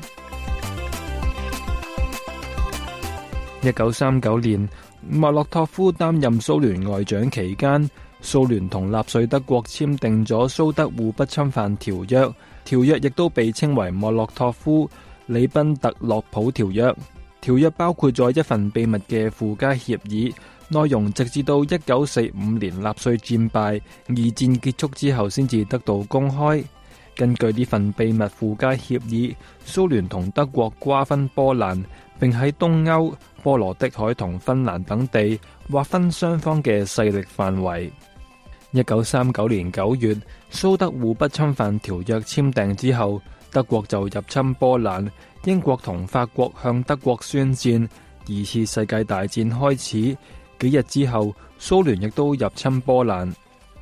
一九三九年，莫洛托夫擔任蘇聯外長期間，蘇聯同納粹德國簽訂咗蘇德互不侵犯條約，條約亦都被稱為莫洛托夫-里賓特洛普條約。條約包括咗一份秘密嘅附加協議。內容直至到一九四五年納粹戰敗、二戰結束之後，先至得到公開。根據呢份秘密附加協議，蘇聯同德國瓜分波蘭，並喺東歐、波羅的海同芬蘭等地劃分雙方嘅勢力範圍。一九三九年九月，蘇德互不侵犯條約簽訂之後，德國就入侵波蘭，英國同法國向德國宣戰，二次世界大戰開始。幾日之後，蘇聯亦都入侵波蘭。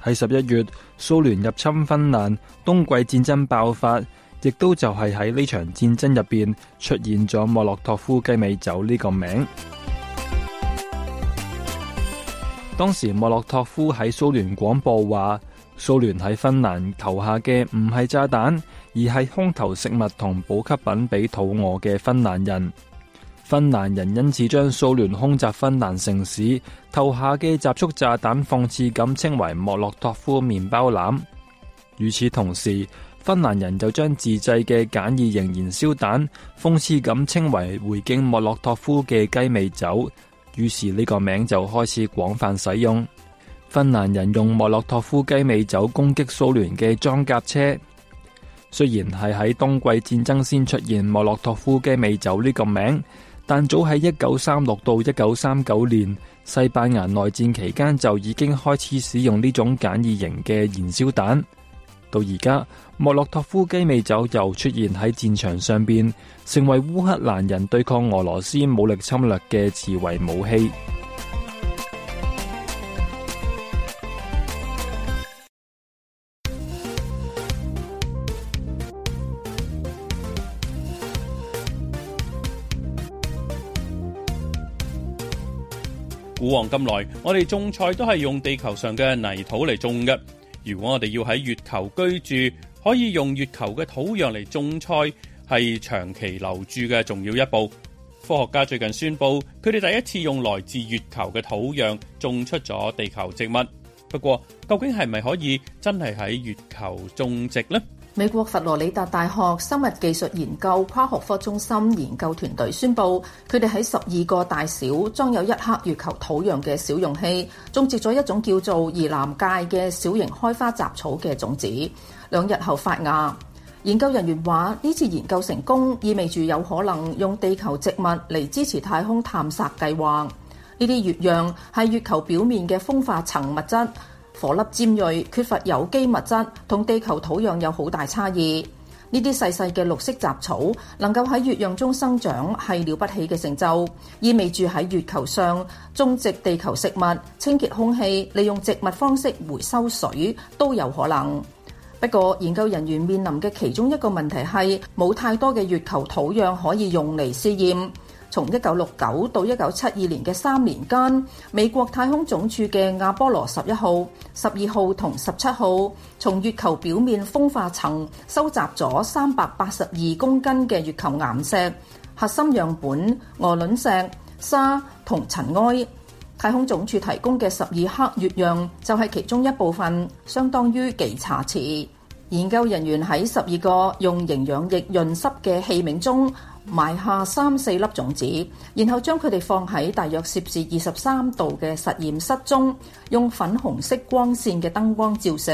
喺十一月，蘇聯入侵芬蘭，冬季戰爭爆發，亦都就係喺呢場戰爭入邊出現咗莫洛托夫雞尾酒呢個名。 (music) 當時莫洛托夫喺蘇聯廣播話：蘇聯喺芬蘭投下嘅唔係炸彈，而係空投食物同補給品俾肚餓嘅芬蘭人。芬蘭人因此將蘇聯空襲芬蘭城市投下嘅集束炸彈，諷刺咁稱為莫洛托夫麵包籃。與此同時，芬蘭人就將自製嘅簡易型燃燒彈，諷刺咁稱為回敬莫洛托夫嘅雞尾酒。於是呢個名就開始廣泛使用。芬蘭人用莫洛托夫雞尾酒攻擊蘇聯嘅裝甲車。雖然係喺冬季戰爭先出現莫洛托夫雞尾酒呢個名。但早喺一九三六到一九三九年西班牙內戰期間，就已經開始使用呢種簡易型嘅燃燒彈。到而家莫洛托夫雞尾酒又出現喺戰場上邊，成為烏克蘭人對抗俄羅斯武力侵略嘅自衛武器。古往今來，我哋種菜都係用地球上嘅泥土嚟種嘅。如果我哋要喺月球居住，可以用月球嘅土壤嚟種菜，係長期留住嘅重要一步。科學家最近宣布，佢哋第一次用來自月球嘅土壤種出咗地球植物。不過，究竟係咪可以真係喺月球種植呢？美國佛羅里達大學生物技術研究跨學科中心研究團隊宣布，佢哋喺十二個大小裝有一克月球土壤嘅小容器，種植咗一種叫做擬南芥嘅小型開花雜草嘅種子，兩日後發芽。研究人員話：呢次研究成功，意味住有可能用地球植物嚟支持太空探索計劃。呢啲月壤係月球表面嘅風化層物質。顆粒尖銳，缺乏有機物質，同地球土壤有好大差異。呢啲細細嘅綠色雜草能夠喺月壤中生長，係了不起嘅成就，意味住喺月球上種植地球食物、清潔空氣、利用植物方式回收水都有可能。不過，研究人員面臨嘅其中一個問題係冇太多嘅月球土壤可以用嚟試驗。從一九六九到一九七二年嘅三年間，美國太空總署嘅亞波羅十一號、十二號同十七號，從月球表面風化層收集咗三百八十二公斤嘅月球岩石、核心樣本、鵝卵石、沙同塵埃。太空總署提供嘅十二克月樣就係其中一部分，相當於幾茶匙。研究人員喺十二個用營養液潤濕嘅器皿中，埋下三四粒種子，然後將佢哋放喺大約攝氏二十三度嘅實驗室中，用粉紅色光線嘅燈光照射。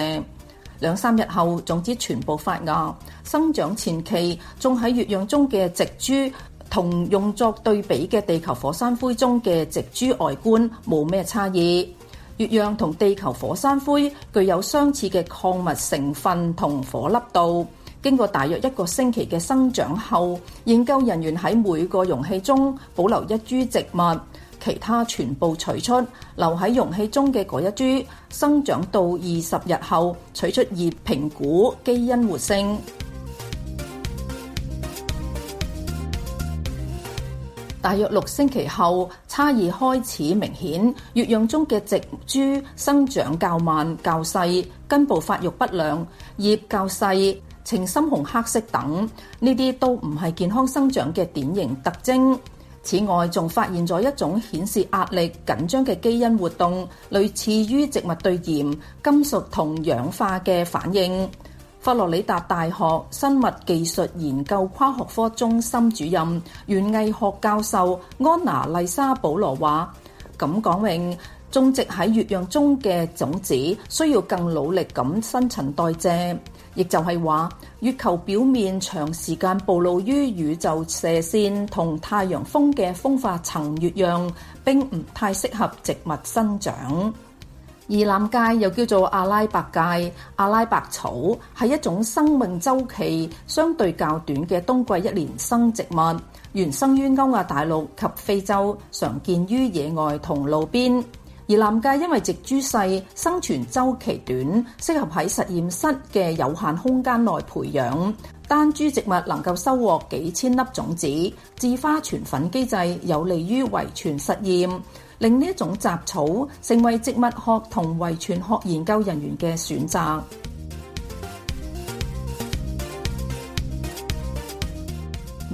兩三日後，種子全部發芽。生長前期種喺月壤中嘅植株，同用作對比嘅地球火山灰中嘅植株外觀冇咩差異。月壤同地球火山灰具有相似嘅礦物成分同顆粒度。經過大約一個星期嘅生長後，研究人員喺每個容器中保留一株植物，其他全部取出，留喺容器中嘅嗰一株生長到二十日後取出葉評估基因活性。大約六星期後，差異開始明顯。月壤中嘅植株生長較慢、較細，根部發育不良，葉較細。呈深紅、黑色等呢啲都唔係健康生長嘅典型特徵。此外，仲發現咗一種顯示壓力緊張嘅基因活動，類似於植物對鹽、金屬同氧化嘅反應。佛羅里達大學生物技術研究跨學科中心主任、園藝學教授安娜麗莎保羅話，咁講嚟，種植喺月壤中嘅種子需要更努力咁新陳代謝。亦就係話，月球表面長時間暴露於宇宙射線同太陽風嘅風化層，月壤並唔太適合植物生長。而南芥又叫做阿拉伯芥，阿拉伯草，係一種生命周期相對較短嘅冬季一年生植物，原生於歐亞大陸及非洲，常見於野外同路邊。而南界因為植株細、生存週期短，適合喺實驗室嘅有限空間內培養。單株植物能夠收穫幾千粒種子，自花傳粉機制有利於遺傳實驗，令呢一種雜草成為植物學同遺傳學研究人員嘅選擇。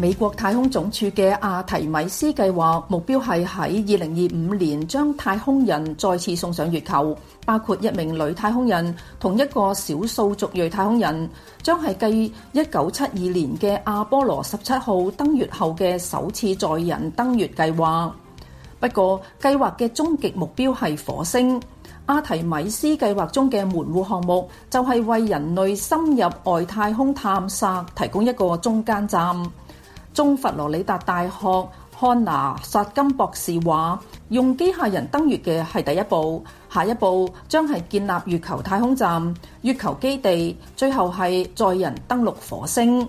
美國太空總署嘅阿提米斯計劃目標係喺二零二五年將太空人再次送上月球，包括一名女太空人同一個少數族裔太空人，將係繼一九七二年嘅阿波羅十七號登月後嘅首次載人登月計劃。不過，計劃嘅終極目標係火星。阿提米斯計劃中嘅門戶項目就係為人類深入外太空探索提供一個中間站。中佛羅里達大學漢娜薩金博士話：用機械人登月嘅係第一步，下一步將係建立月球太空站、月球基地，最後係載人登陸火星。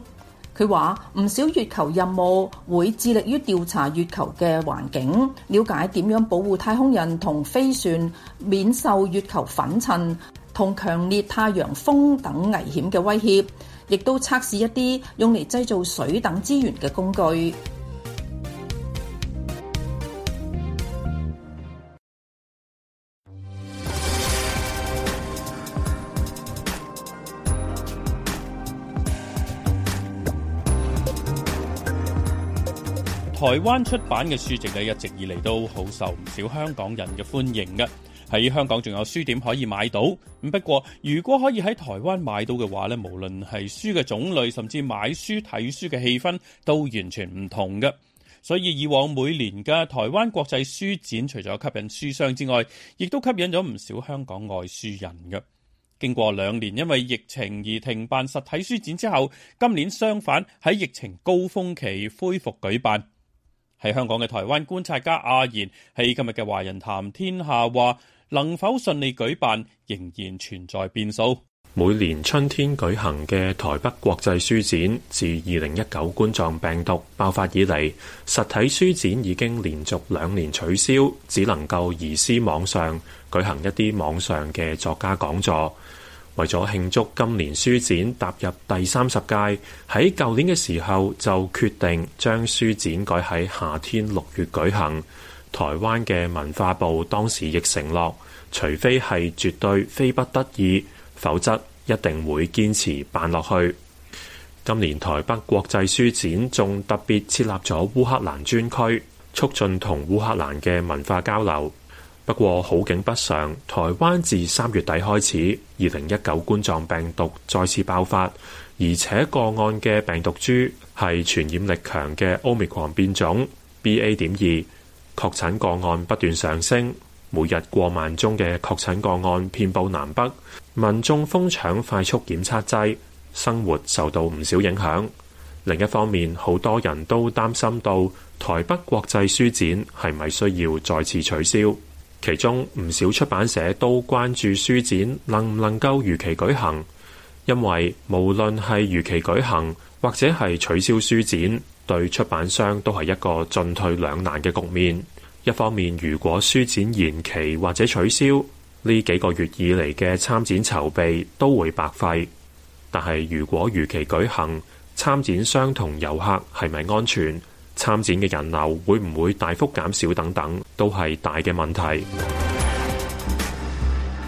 佢話，唔少月球任務會致力於調查月球嘅環境，了解點樣保護太空人同飛船，免受月球粉塵同強烈太陽風等危險嘅威脅。亦都測試一啲用嚟製造水等資源嘅工具。台灣出版嘅書籍係一直以嚟都好受唔少香港人嘅歡迎嘅。喺香港仲有書店可以買到，不過如果可以喺台灣買到嘅話咧，無論係書嘅種類，甚至買書睇書嘅氣氛都完全唔同嘅。所以以往每年嘅台灣國際書展，除咗吸引書商之外，亦都吸引咗唔少香港外書人嘅。經過兩年因為疫情而停辦實體書展之後，今年相反喺疫情高峰期恢復舉辦。喺香港嘅台灣觀察家阿然喺今日嘅華人談天下話，能否順利舉辦仍然存在變數。每年春天舉行嘅台北國際書展，自二零一九冠狀病毒爆發以嚟，實體書展已經連續兩年取消，只能夠移師網上舉行一啲網上嘅作家講座。為咗慶祝今年書展踏入第三十屆，喺舊年嘅時候就決定將書展改喺夏天六月舉行。台灣嘅文化部當時亦承諾，除非係絕對非不得已，否則一定會堅持辦落去。今年台北國際書展仲特別設立咗烏克蘭專區，促進同烏克蘭嘅文化交流。不過好景不常，台灣自三月底開始，二零一九冠狀病毒再次爆發，而且個案嘅病毒株係傳染力強嘅奧密克戎變種 BA. 點二，確診個案不斷上升，每日過萬宗嘅確診個案遍佈南北，民眾瘋搶快速檢測劑，生活受到唔少影響。另一方面，好多人都擔心到台北國際書展係咪需要再次取消。其中唔少出版社都關注書展能唔能夠如期舉行，因為無論係如期舉行或者係取消書展，對出版商都係一個進退兩難嘅局面。一方面，如果書展延期或者取消，呢幾個月以嚟嘅參展籌備都會白費，但係如果如期舉行，參展商同遊客係咪安全？參展嘅人流會唔會大幅減少等等，都係大嘅問題。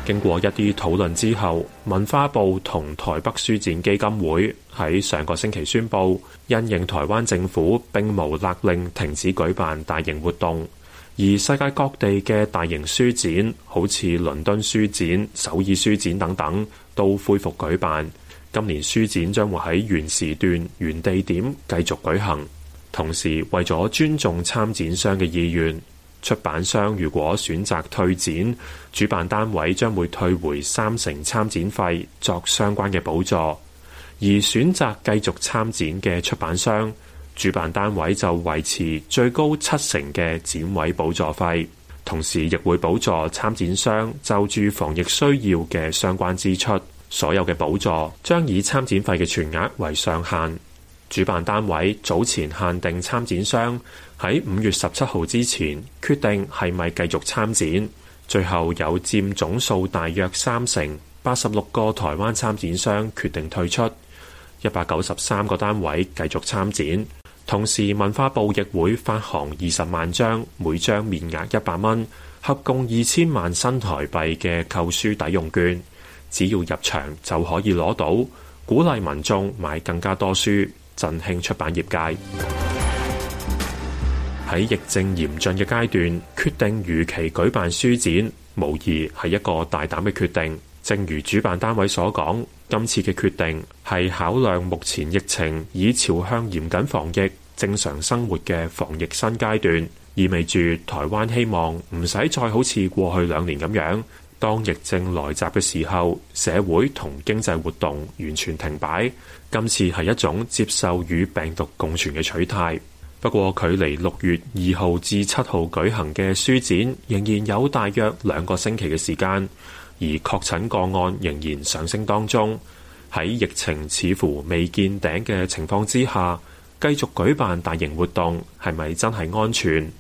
經過一啲討論之後，文化部同台北書展基金會喺上個星期宣布，因應台灣政府並無勒令停止舉辦大型活動，而世界各地嘅大型書展，好似倫敦書展、首爾書展等等，都恢復舉辦。今年書展將會喺原時段、原地點繼續舉行。同時，為咗尊重參展商嘅意願，出版商如果選擇退展，主辦單位將會退回三成參展費作相關嘅補助；而選擇繼續參展嘅出版商，主辦單位就維持最高七成嘅展位補助費，同時亦會補助參展商就住防疫需要嘅相關支出。所有嘅補助將以參展費嘅全額為上限。主辦單位早前限定參展商喺五月十七號之前決定係咪繼續參展。最後有佔總數大約三成，八十六個台灣參展商決定退出，一百九十三個單位繼續參展。同時，文化部亦會發行二十萬張，每張面額一百蚊，合共二千萬新台幣嘅購書抵用券，只要入場就可以攞到，鼓勵民眾買更加多書。振興出版業界喺疫症嚴峻嘅階段，決定如期舉辦書展，無疑係一個大膽嘅決定。正如主辦單位所講，今次嘅決定係考量目前疫情已朝向嚴謹防疫、正常生活嘅防疫新階段，意味住台灣希望唔使再好似過去兩年咁樣。當疫症來襲嘅時候，社會同經濟活動完全停擺，今次係一種接受與病毒共存嘅取態。不過，距離六月二號至七號舉行嘅書展，仍然有大約兩個星期嘅時間。而確診個案仍然上升當中。喺疫情似乎未見頂嘅情況之下，繼續舉辦大型活動，係咪真係安全？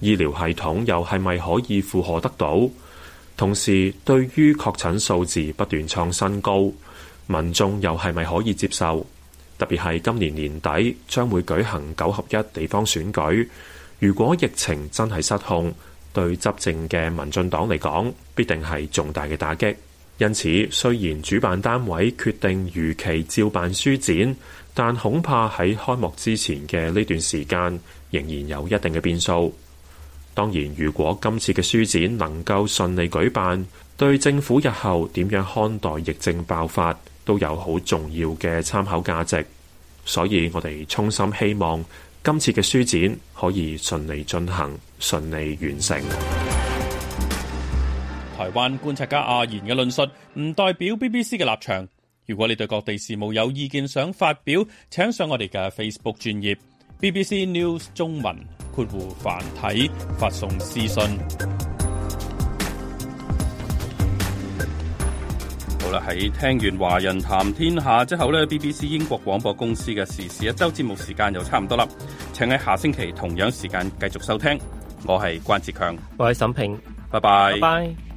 醫療系統又係咪可以負荷得到？同時，對於確診數字不斷創新高，民眾又係咪可以接受？特別係今年年底將會舉行九合一地方選舉，如果疫情真係失控，對執政嘅民進黨嚟講，必定係重大嘅打擊。因此，雖然主辦單位決定如期照辦書展，但恐怕喺開幕之前嘅呢段時間，仍然有一定嘅變數。當然，如果今次嘅書展能夠順利舉辦，對政府日後點樣看待疫症爆發都有好重要嘅參考價值。所以我哋衷心希望今次嘅書展可以順利進行，順利完成。台灣觀察家阿言嘅論述唔代表 BBC 嘅立場。如果你對各地事務有意見，想發表，請上我哋嘅 Facebook 專頁。BBC News 中文。括弧繁體發送私信。好啦，喺聽完華人談天下之後呢，BBC 英國廣播公司嘅時事一周節目時間又差唔多啦，請喺下星期同樣時間繼續收聽。我係關智強，我係沈平，拜拜，拜拜。